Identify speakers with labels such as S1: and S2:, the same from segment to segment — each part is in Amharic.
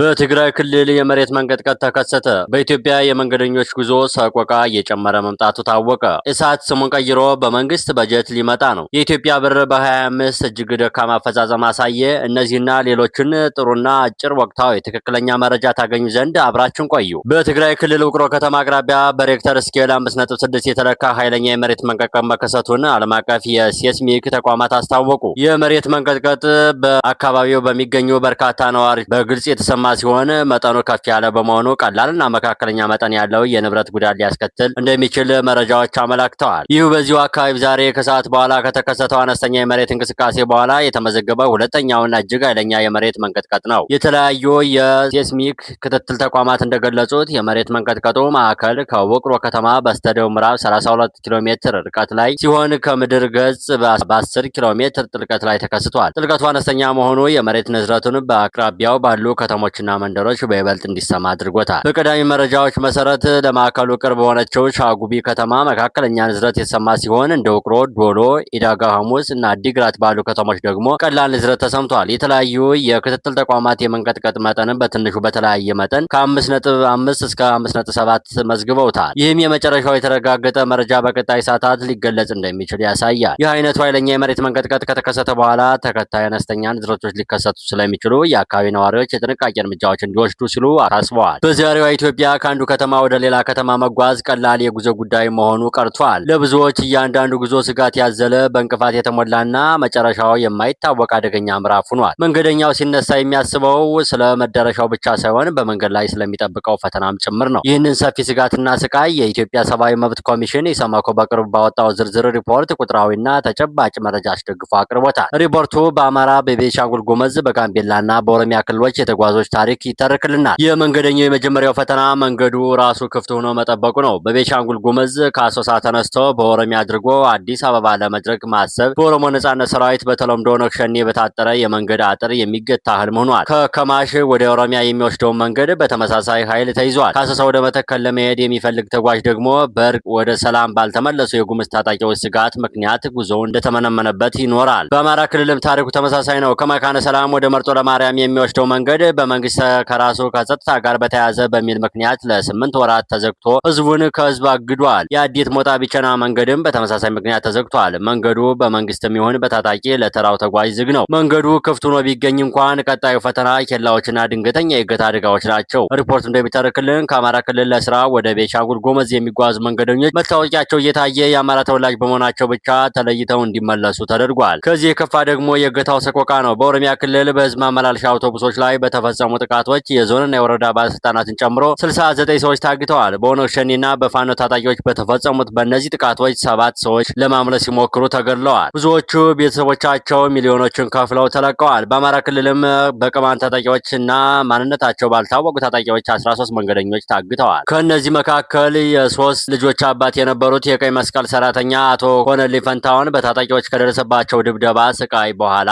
S1: በትግራይ ክልል የመሬት መንቀጥቀጥ ተከሰተ። በኢትዮጵያ የመንገደኞች ጉዞ ሰቆቃ እየጨመረ መምጣቱ ታወቀ። እሳት ስሙን ቀይሮ በመንግስት በጀት ሊመጣ ነው። የኢትዮጵያ ብር በ25 እጅግ ደካማ አፈጻጸም አሳየ። እነዚህና ሌሎችን ጥሩና አጭር ወቅታዊ ትክክለኛ መረጃ ታገኙ ዘንድ አብራችን ቆዩ። በትግራይ ክልል ውቅሮ ከተማ አቅራቢያ በሬክተር ስኬል 5.6 የተለካ ኃይለኛ የመሬት መንቀጥቀጥ መከሰቱን ዓለም አቀፍ የሴስሚክ ተቋማት አስታወቁ። የመሬት መንቀጥቀጥ በአካባቢው በሚገኙ በርካታ ነዋሪ በግልጽ የተሰማ ሲሆን መጠኑ ከፍ ያለ በመሆኑ ቀላልና መካከለኛ መጠን ያለው የንብረት ጉዳት ሊያስከትል እንደሚችል መረጃዎች አመላክተዋል። ይህ በዚሁ አካባቢ ዛሬ ከሰዓት በኋላ ከተከሰተው አነስተኛ የመሬት እንቅስቃሴ በኋላ የተመዘገበ ሁለተኛውና እጅግ ኃይለኛ የመሬት መንቀጥቀጥ ነው። የተለያዩ የሴስሚክ ክትትል ተቋማት እንደገለጹት የመሬት መንቀጥቀጡ ማዕከል ከውቅሮ ከተማ በስተደቡብ ምዕራብ 32 ኪሎ ሜትር ርቀት ላይ ሲሆን ከምድር ገጽ በ10 ኪሎ ሜትር ጥልቀት ላይ ተከስቷል። ጥልቀቱ አነስተኛ መሆኑ የመሬት ንዝረቱን በአቅራቢያው ባሉ ከተሞች ከተሞችና መንደሮች በይበልጥ እንዲሰማ አድርጎታል። በቀዳሚ መረጃዎች መሰረት ለማዕከሉ ቅርብ በሆነችው ሻጉቢ ከተማ መካከለኛ ንዝረት የተሰማ ሲሆን እንደ ውቅሮ፣ ዶሎ፣ ኢዳጋ ሐሙስ እና ዲግራት ባሉ ከተሞች ደግሞ ቀላል ንዝረት ተሰምቷል። የተለያዩ የክትትል ተቋማት የመንቀጥቀጥ መጠንን በትንሹ በተለያየ መጠን ከ5.5 እስከ 5.7 መዝግበውታል። ይህም የመጨረሻው የተረጋገጠ መረጃ በቀጣይ ሰዓታት ሊገለጽ እንደሚችል ያሳያል። ይህ አይነቱ ኃይለኛ የመሬት መንቀጥቀጥ ከተከሰተ በኋላ ተከታይ አነስተኛ ንዝረቶች ሊከሰቱ ስለሚችሉ የአካባቢ ነዋሪዎች የጥንቃቄ እርምጃዎችን እንዲወስዱ ሲሉ አሳስበዋል። በዛሬዋ ኢትዮጵያ ከአንዱ ከተማ ወደ ሌላ ከተማ መጓዝ ቀላል የጉዞ ጉዳይ መሆኑ ቀርቷል። ለብዙዎች እያንዳንዱ ጉዞ ስጋት ያዘለ፣ በእንቅፋት የተሞላና መጨረሻው የማይታወቅ አደገኛ ምዕራፍ ሆኗል። መንገደኛው ሲነሳ የሚያስበው ስለ መደረሻው ብቻ ሳይሆን በመንገድ ላይ ስለሚጠብቀው ፈተናም ጭምር ነው። ይህንን ሰፊ ስጋትና ስቃይ የኢትዮጵያ ሰብአዊ መብት ኮሚሽን ኢሰመኮ በቅርብ ባወጣው ዝርዝር ሪፖርት ቁጥራዊና ተጨባጭ መረጃ አስደግፎ አቅርቦታል። ሪፖርቱ በአማራ፣ በቤንሻንጉል ጉሙዝ፣ በጋምቤላና በኦሮሚያ ክልሎች የተጓዞች ታሪክ ይተርክልናል። የመንገደኛው የመጀመሪያው ፈተና መንገዱ ራሱ ክፍት ሆኖ መጠበቁ ነው። በቤንሻንጉል ጉሙዝ ከአሶሳ ተነስቶ በኦሮሚያ አድርጎ አዲስ አበባ ለመድረግ ማሰብ በኦሮሞ ነጻነት ሰራዊት በተለምዶ ነክሸኔ በታጠረ የመንገድ አጥር የሚገታ ህልም ሆኗል። ከከማሽ ወደ ኦሮሚያ የሚወስደውን መንገድ በተመሳሳይ ኃይል ተይዟል። ከአሶሳ ወደ መተከል ለመሄድ የሚፈልግ ተጓዥ ደግሞ በእርቅ ወደ ሰላም ባልተመለሱ የጉሙዝ ታጣቂዎች ስጋት ምክንያት ጉዞ እንደተመነመነበት ይኖራል። በአማራ ክልልም ታሪኩ ተመሳሳይ ነው። ከመካነ ሰላም ወደ መርጦ ለማርያም የሚወስደው መንገድ በመ መንግስት ከራሱ ከጸጥታ ጋር በተያያዘ በሚል ምክንያት ለስምንት ወራት ተዘግቶ ህዝቡን ከህዝብ አግዷል። የአዲት ሞጣ ቢቸና መንገድም በተመሳሳይ ምክንያት ተዘግቷል። መንገዱ በመንግስትም ይሁን በታጣቂ ለተራው ተጓዥ ዝግ ነው። መንገዱ ክፍት ሆኖ ቢገኝ እንኳን ቀጣዩ ፈተና ኬላዎችና ድንገተኛ የእገታ አደጋዎች ናቸው። ሪፖርት እንደሚተርክልን ከአማራ ክልል ለስራ ወደ ቤንሻንጉል ጎመዝ የሚጓዙ መንገደኞች መታወቂያቸው እየታየ የአማራ ተወላጅ በመሆናቸው ብቻ ተለይተው እንዲመለሱ ተደርጓል። ከዚህ የከፋ ደግሞ የእገታው ሰቆቃ ነው። በኦሮሚያ ክልል በህዝብ ማመላለሻ አውቶቡሶች ላይ በተፈጸሙ በተፈጸሙ ጥቃቶች የዞንና የወረዳ ባለስልጣናትን ጨምሮ 69 ሰዎች ታግተዋል። በኦነግ ሸኔና በፋኖ ታጣቂዎች በተፈጸሙት በእነዚህ ጥቃቶች ሰባት ሰዎች ለማምለጥ ሲሞክሩ ተገድለዋል። ብዙዎቹ ቤተሰቦቻቸው ሚሊዮኖችን ከፍለው ተለቀዋል። በአማራ ክልልም በቅማንት ታጣቂዎች እና ማንነታቸው ባልታወቁ ታጣቂዎች 13 መንገደኞች ታግተዋል። ከእነዚህ መካከል የሶስት ልጆች አባት የነበሩት የቀይ መስቀል ሰራተኛ አቶ ኮነሊ ፈንታውን በታጣቂዎች ከደረሰባቸው ድብደባ ስቃይ በኋላ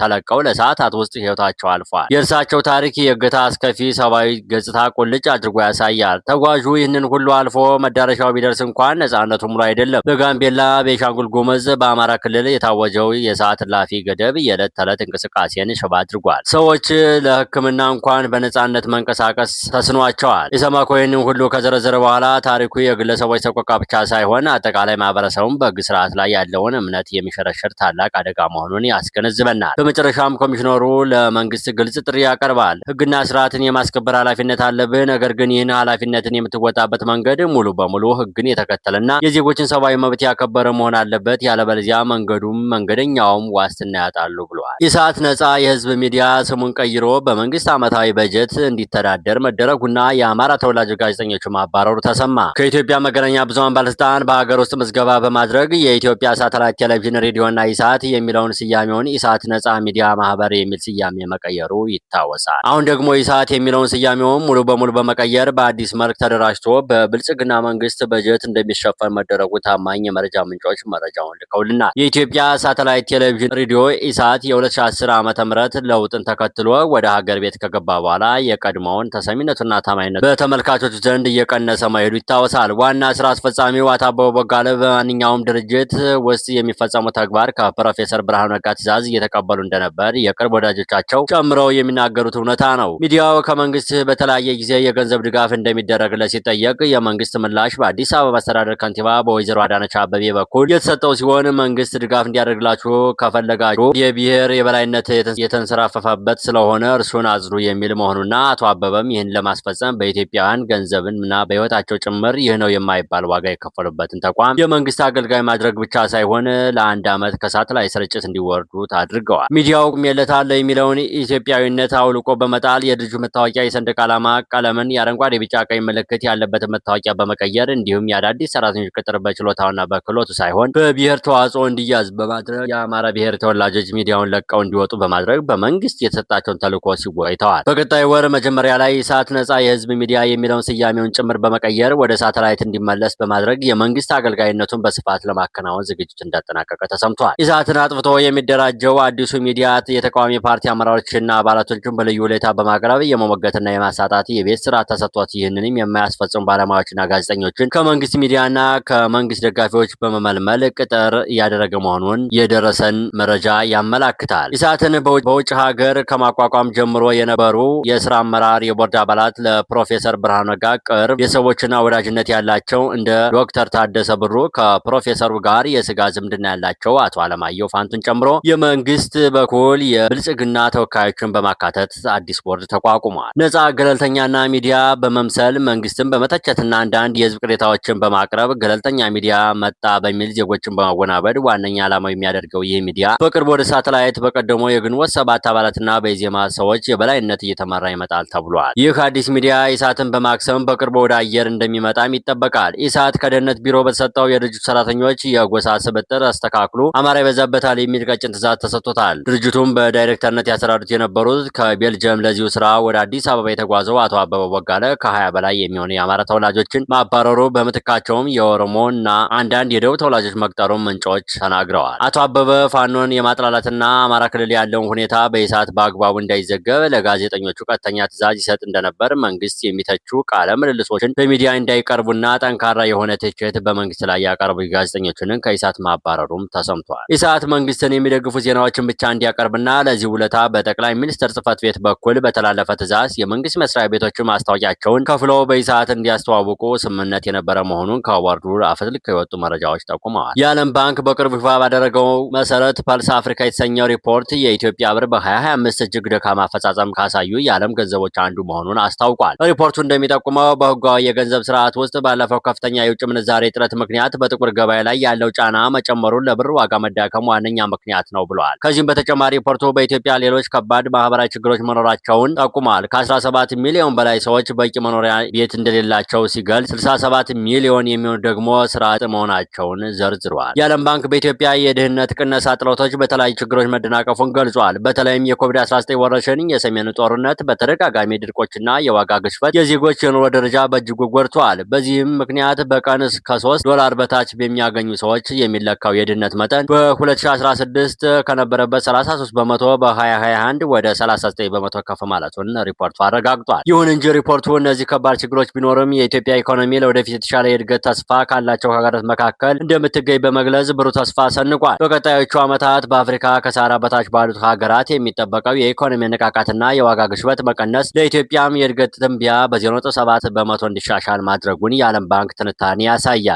S1: ተለቀው ለሰዓታት ውስጥ ሕይወታቸው አልፏል። የእርሳቸው ታሪክ አስኪ እገታ አስከፊ ሰብአዊ ገጽታ ቁልጭ አድርጎ ያሳያል። ተጓዡ ይህንን ሁሉ አልፎ መዳረሻው ቢደርስ እንኳን ነጻነቱ ሙሉ አይደለም። በጋምቤላ፣ ቤንሻንጉል ጉሙዝ፣ በአማራ ክልል የታወጀው የሰዓት እላፊ ገደብ የዕለት ተዕለት እንቅስቃሴን ሽባ አድርጓል። ሰዎች ለሕክምና እንኳን በነጻነት መንቀሳቀስ ተስኗቸዋል። ኢሰማኮ ይህንን ሁሉ ከዘረዘረ በኋላ ታሪኩ የግለሰቦች ተቆቃ ብቻ ሳይሆን አጠቃላይ ማህበረሰቡም በሕግ ስርዓት ላይ ያለውን እምነት የሚሸረሸር ታላቅ አደጋ መሆኑን ያስገነዝበናል። በመጨረሻም ኮሚሽነሩ ለመንግስት ግልጽ ጥሪ ያቀርባል። ህግና ስርዓትን የማስከበር ኃላፊነት አለብህ። ነገር ግን ይህን ኃላፊነትን የምትወጣበት መንገድ ሙሉ በሙሉ ህግን የተከተለና የዜጎችን ሰብአዊ መብት ያከበረ መሆን አለበት። ያለበለዚያ መንገዱም መንገደኛውም ዋስትና ያጣሉ ብሎ ተናግረዋል። ኢሳት ነጻ የህዝብ ሚዲያ ስሙን ቀይሮ በመንግስት ዓመታዊ በጀት እንዲተዳደር መደረጉና የአማራ ተወላጅ ጋዜጠኞቹ ማባረሩ ተሰማ። ከኢትዮጵያ መገናኛ ብዙሃን ባለስልጣን በሀገር ውስጥ ምዝገባ በማድረግ የኢትዮጵያ ሳተላይት ቴሌቪዥን ሬዲዮና ኢሳት የሚለውን ስያሜውን ኢሳት ነጻ ሚዲያ ማህበር የሚል ስያሜ መቀየሩ ይታወሳል። አሁን ደግሞ ኢሳት የሚለውን ስያሜውን ሙሉ በሙሉ በመቀየር በአዲስ መልክ ተደራጅቶ በብልጽግና መንግስት በጀት እንደሚሸፈን መደረጉ ታማኝ የመረጃ ምንጮች መረጃውን ልከውልናል። የኢትዮጵያ ሳተላይት ቴሌቪዥን ሬዲዮ ኢሳት 2010 ዓ ም ለውጥን ተከትሎ ወደ ሀገር ቤት ከገባ በኋላ የቀድሞውን ተሰሚነቱና ታማኝነቱ በተመልካቾች ዘንድ እየቀነሰ መሄዱ ይታወሳል። ዋና ስራ አስፈጻሚው አቶ በጋለ በማንኛውም ድርጅት ውስጥ የሚፈጸሙ ተግባር ከፕሮፌሰር ብርሃኑ ነጋ ትዕዛዝ እየተቀበሉ እንደነበር የቅርብ ወዳጆቻቸው ጨምረው የሚናገሩት እውነታ ነው። ሚዲያው ከመንግስት በተለያየ ጊዜ የገንዘብ ድጋፍ እንደሚደረግለት ሲጠየቅ የመንግስት ምላሽ በአዲስ አበባ አስተዳደር ከንቲባ በወይዘሮ አዳነች አበቤ በኩል የተሰጠው ሲሆን መንግስት ድጋፍ እንዲያደርግላችሁ ከፈለጋችሁ የብሔር የበላይነት የተንሰራፈፈበት ስለሆነ እርሱን አጽዱ የሚል መሆኑና አቶ አበበም ይህን ለማስፈጸም በኢትዮጵያውያን ገንዘብና በህይወታቸው ጭምር ይህ ነው የማይባል ዋጋ የከፈሉበትን ተቋም የመንግስት አገልጋይ ማድረግ ብቻ ሳይሆን ለአንድ ዓመት ከሳተላይት ስርጭት እንዲወርዱት አድርገዋል። ሚዲያው ቁሜለታለሁ የሚለውን ኢትዮጵያዊነት አውልቆ በመጣል የድርጅቱ መታወቂያ የሰንደቅ ዓላማ ቀለምን የአረንጓዴ፣ ቢጫ፣ ቀይ ምልክት ያለበትን መታወቂያ በመቀየር እንዲሁም የአዳዲስ ሰራተኞች ቅጥር በችሎታውና በክሎቱ ሳይሆን በብሔር ተዋጽኦ እንዲያዝ በማድረግ የአማራ ብሔር ተወላጆች ሚዲያውን ለቀው እንዲወጡ በማድረግ በመንግስት የተሰጣቸውን ተልዕኮ ሲወይተዋል። በቀጣይ ወር መጀመሪያ ላይ ሰዓት ነጻ የህዝብ ሚዲያ የሚለውን ስያሜውን ጭምር በመቀየር ወደ ሳተላይት እንዲመለስ በማድረግ የመንግስት አገልጋይነቱን በስፋት ለማከናወን ዝግጅት እንዳጠናቀቀ ተሰምቷል። ኢሳትን አጥፍቶ የሚደራጀው አዲሱ ሚዲያ የተቃዋሚ ፓርቲ አመራሮችና አባላቶችን በልዩ ሁኔታ በማቅረብ የመሞገትና የማሳጣት የቤት ስራ ተሰጥቷት ይህንንም የማያስፈጽሙ ባለሙያዎችና ጋዜጠኞችን ከመንግስት ሚዲያና ከመንግስት ደጋፊዎች በመመልመል ቅጥር እያደረገ መሆኑን የደረሰን መረጃ ያመላክታል። ይገኙበታል። ኢሳትን በውጭ ሀገር ከማቋቋም ጀምሮ የነበሩ የስራ አመራር የቦርድ አባላት ለፕሮፌሰር ብርሃኑ ነጋ ቅርብ የሰዎችና ወዳጅነት ያላቸው እንደ ዶክተር ታደሰ ብሩ ከፕሮፌሰሩ ጋር የስጋ ዝምድና ያላቸው አቶ አለማየሁ ፋንቱን ጨምሮ የመንግስት በኩል የብልጽግና ተወካዮችን በማካተት አዲስ ቦርድ ተቋቁሟል። ነጻ ገለልተኛና ሚዲያ በመምሰል መንግስትን በመተቸትና አንዳንድ የህዝብ ቅሬታዎችን በማቅረብ ገለልተኛ ሚዲያ መጣ በሚል ዜጎችን በማወናበድ ዋነኛ ዓላማው የሚያደርገው ይህ ሚዲያ በቅርብ ወደ ሳተላይት በቀደሞ የግንቦት ሰባት አባላትና በኢዜማ ሰዎች የበላይነት እየተመራ ይመጣል ተብሏል። ይህ አዲስ ሚዲያ ኢሳትን በማክሰም በቅርቡ ወደ አየር እንደሚመጣም ይጠበቃል። ኢሳት ከደህንነት ቢሮ በተሰጠው የድርጅቱ ሰራተኞች የጎሳ ስብጥር አስተካክሉ አማራ ይበዛበታል የሚል ቀጭን ትእዛዝ ተሰጥቶታል። ድርጅቱም በዳይሬክተርነት ያሰራዱት የነበሩት ከቤልጅየም ለዚሁ ስራ ወደ አዲስ አበባ የተጓዘው አቶ አበበ ወጋለ ከሀያ በላይ የሚሆኑ የአማራ ተወላጆችን ማባረሩ በምትካቸውም የኦሮሞ እና አንዳንድ የደቡብ ተወላጆች መቅጠሩን ምንጮች ተናግረዋል። አቶ አበበ ፋኖን የማጥላላትና በአማራ ክልል ያለውን ሁኔታ በኢሳት በአግባቡ እንዳይዘገብ ለጋዜጠኞቹ ቀጥተኛ ትዕዛዝ ይሰጥ እንደነበር መንግስት የሚተቹ ቃለ ምልልሶችን በሚዲያ እንዳይቀርቡና ጠንካራ የሆነ ትችት በመንግስት ላይ ያቀርቡ ጋዜጠኞችንን ከኢሳት ማባረሩም ተሰምቷል። ኢሳት መንግስትን የሚደግፉ ዜናዎችን ብቻ እንዲያቀርብና ለዚህ ውለታ በጠቅላይ ሚኒስትር ጽህፈት ቤት በኩል በተላለፈ ትዕዛዝ የመንግስት መስሪያ ቤቶች ማስታወቂያቸውን ከፍሎ በኢሳት እንዲያስተዋውቁ ስምምነት የነበረ መሆኑን ከቦርዱ አፈትልክ የወጡ መረጃዎች ጠቁመዋል። የዓለም ባንክ በቅርቡ ይፋ ባደረገው መሰረት ፐልስ አፍሪካ የተሰኘው ሪፖርት የኢትዮጵያ ብር በ2025 እጅግ ደካማ አፈጻጸም ካሳዩ የዓለም ገንዘቦች አንዱ መሆኑን አስታውቋል። ሪፖርቱ እንደሚጠቁመው በህጋዊ የገንዘብ ስርዓት ውስጥ ባለፈው ከፍተኛ የውጭ ምንዛሬ ጥረት ምክንያት በጥቁር ገበያ ላይ ያለው ጫና መጨመሩን ለብር ዋጋ መዳከም ዋነኛ ምክንያት ነው ብለዋል። ከዚህም በተጨማሪ ሪፖርቱ በኢትዮጵያ ሌሎች ከባድ ማህበራዊ ችግሮች መኖራቸውን ጠቁሟል። ከ17 ሚሊዮን በላይ ሰዎች በቂ መኖሪያ ቤት እንደሌላቸው ሲገልጽ 67 ሚሊዮን የሚሆኑ ደግሞ ስራ አጥ መሆናቸውን ዘርዝሯል። የዓለም ባንክ በኢትዮጵያ የድህነት ቅነሳ ጥረቶች በተለያዩ ችግሮች መደ መደናቀፉን ገልጿል። በተለይም የኮቪድ-19 ወረርሽኝ፣ የሰሜኑ ጦርነት፣ በተደጋጋሚ ድርቆችና የዋጋ ግሽበት የዜጎች የኑሮ ደረጃ በእጅጉ ጎድቷል። በዚህም ምክንያት በቀን እስከ 3 ዶላር በታች በሚያገኙ ሰዎች የሚለካው የድህነት መጠን በ2016 ከነበረበት 33 በመቶ በ2021 ወደ 39 በመቶ ከፍ ማለቱን ሪፖርቱ አረጋግጧል። ይሁን እንጂ ሪፖርቱ እነዚህ ከባድ ችግሮች ቢኖርም የኢትዮጵያ ኢኮኖሚ ለወደፊት የተሻለ የእድገት ተስፋ ካላቸው ሀገራት መካከል እንደምትገኝ በመግለጽ ብሩህ ተስፋ ሰንቋል። በቀጣዮቹ ዓመታት በአፍሪካ ከሳራ ከሰሃራ በታች ባሉት ሀገራት የሚጠበቀው የኢኮኖሚ ንቃቃትና የዋጋ ግሽበት መቀነስ ለኢትዮጵያም የእድገት ትንቢያ በ0.7 በመቶ እንዲሻሻል ማድረጉን የዓለም ባንክ ትንታኔ ያሳያል።